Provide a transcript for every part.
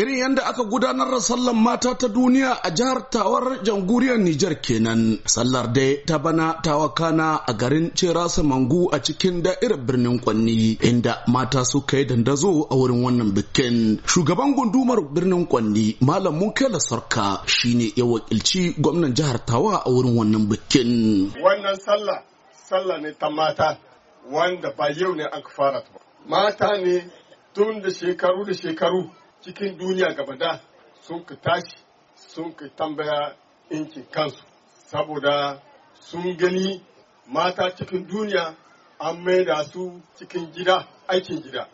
irin yadda aka gudanar da sallar mata ta duniya a jihar tawar jamhuriyar Nijar kenan sallar dai ta bana tawakana a garin cerasa mangu a cikin da'irar birnin kwanni inda mata suka yi dandazo a wurin wannan bikin shugaban gundumar birnin kwanni malam munkela sarka shine ya wakilci gwamnan jihar tawa a wurin wannan bikin wannan sallah sallah ne ta mata wanda ba yau ne aka fara ba mata ne tun da shekaru da shekaru cikin duniya gabada sun ka tashi sun ka tambaya inkin kansu saboda sun gani mata cikin duniya an maida su cikin gida aikin gida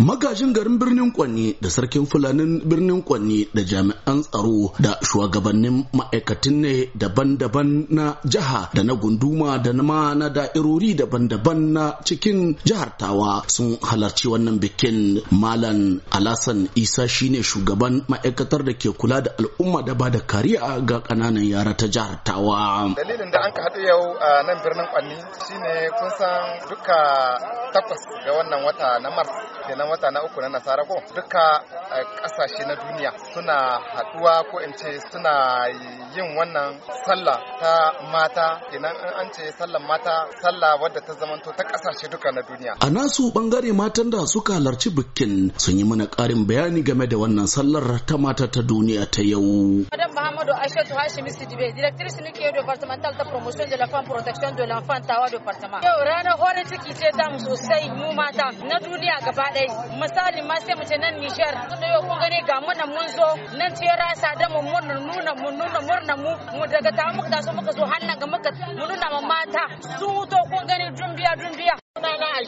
Magajin garin birnin Kwanni da sarkin Fulanin birnin Kwanni da jami'an tsaro da shugabannin ma'aikatan ne daban-daban na jiha da na gunduma da na na da'irori daban-daban na cikin jihar Tawa sun halarci wannan bikin Malam Alasan Isa shine shugaban ma'aikatar da ke kula da al'umma da ba da kariya ga kananan yara ta jihar Tawa. Dalilin da an ka haɗu yau a nan birnin Kwanni shine kun san duka takwas ga wannan wata wata na mars kenan wata na uku na nasara ko duka kasashe eh, na duniya suna haduwa ko in ce suna yin wannan sallah ta mata kenan in an ce sallan mata sallah wadda ta zamanto ta kasashe duka na duniya a nasu bangare matan da suka halarci bikin sun yi mana karin bayani game da wannan sallar ta mata ta duniya ta yau Amadou Achetou Hashimi Sidibe, directrice nuke départementale de promotion de la femme protection de l'enfant Tawa Yau ranar horin ciki ce ta mu sosai mu mata na duniya gaba ɗaya. Misali ma sai mu ce nan Nijar. da yau kun gani ga mu nan mun zo nan ce rasa da mu mun nuna mu nuna murna mu mu daga ta muka taso muka zo hannan ga muka mu nuna ma mata su to kun gani dumbiya dumbiya.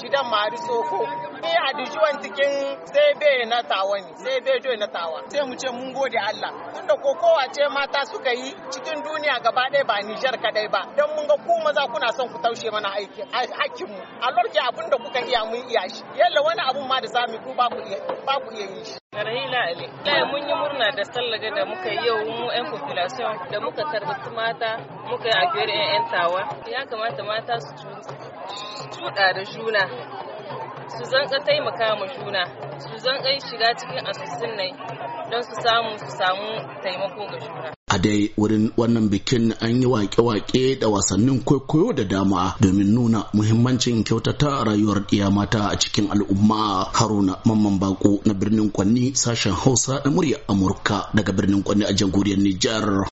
shidan mari tsofo ni a dijuwan cikin sai bai na tawa ne sai bai joy na tawa sai mu ce mun gode Allah tunda kokowa ce mata suka yi cikin duniya gaba ɗaya ba Nijar kadai ba dan mun ga ku maza kuna son ku taushe mana aiki hakkin mu a lorke abin da kuka iya mun iya shi yalla wani abun ma da zamu ku ba ku iya ba ku iya yi shi Rahila Ali. kai mun yi murna da sallaga da muka yi yau mu ƴan population da muka tarbi mata muka yi a ƴan tawa. Ya kamata mata su cuɗa da juna su ka taimaka ma juna su zanka shiga cikin asusun nai don su samu su samu taimako ga juna a dai wurin wannan bikin an yi wake-wake da wasannin kwaikwayo da dama domin nuna muhimmancin kyautata rayuwar ɗiya mata a cikin al'umma haruna mamman bako na birnin kwanni sashen hausa na murya amurka daga birnin kwanni a jamhuriyar nijar